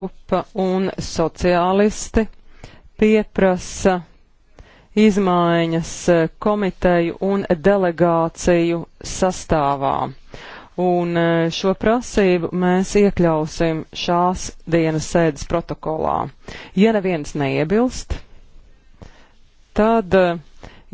grupa un sociālisti pieprasa izmaiņas eh, komiteju un delegāciju sastāvā. Un eh, šo prasību mēs iekļausim šās dienas sēdes protokolā. Ja neviens neiebilst, tad eh,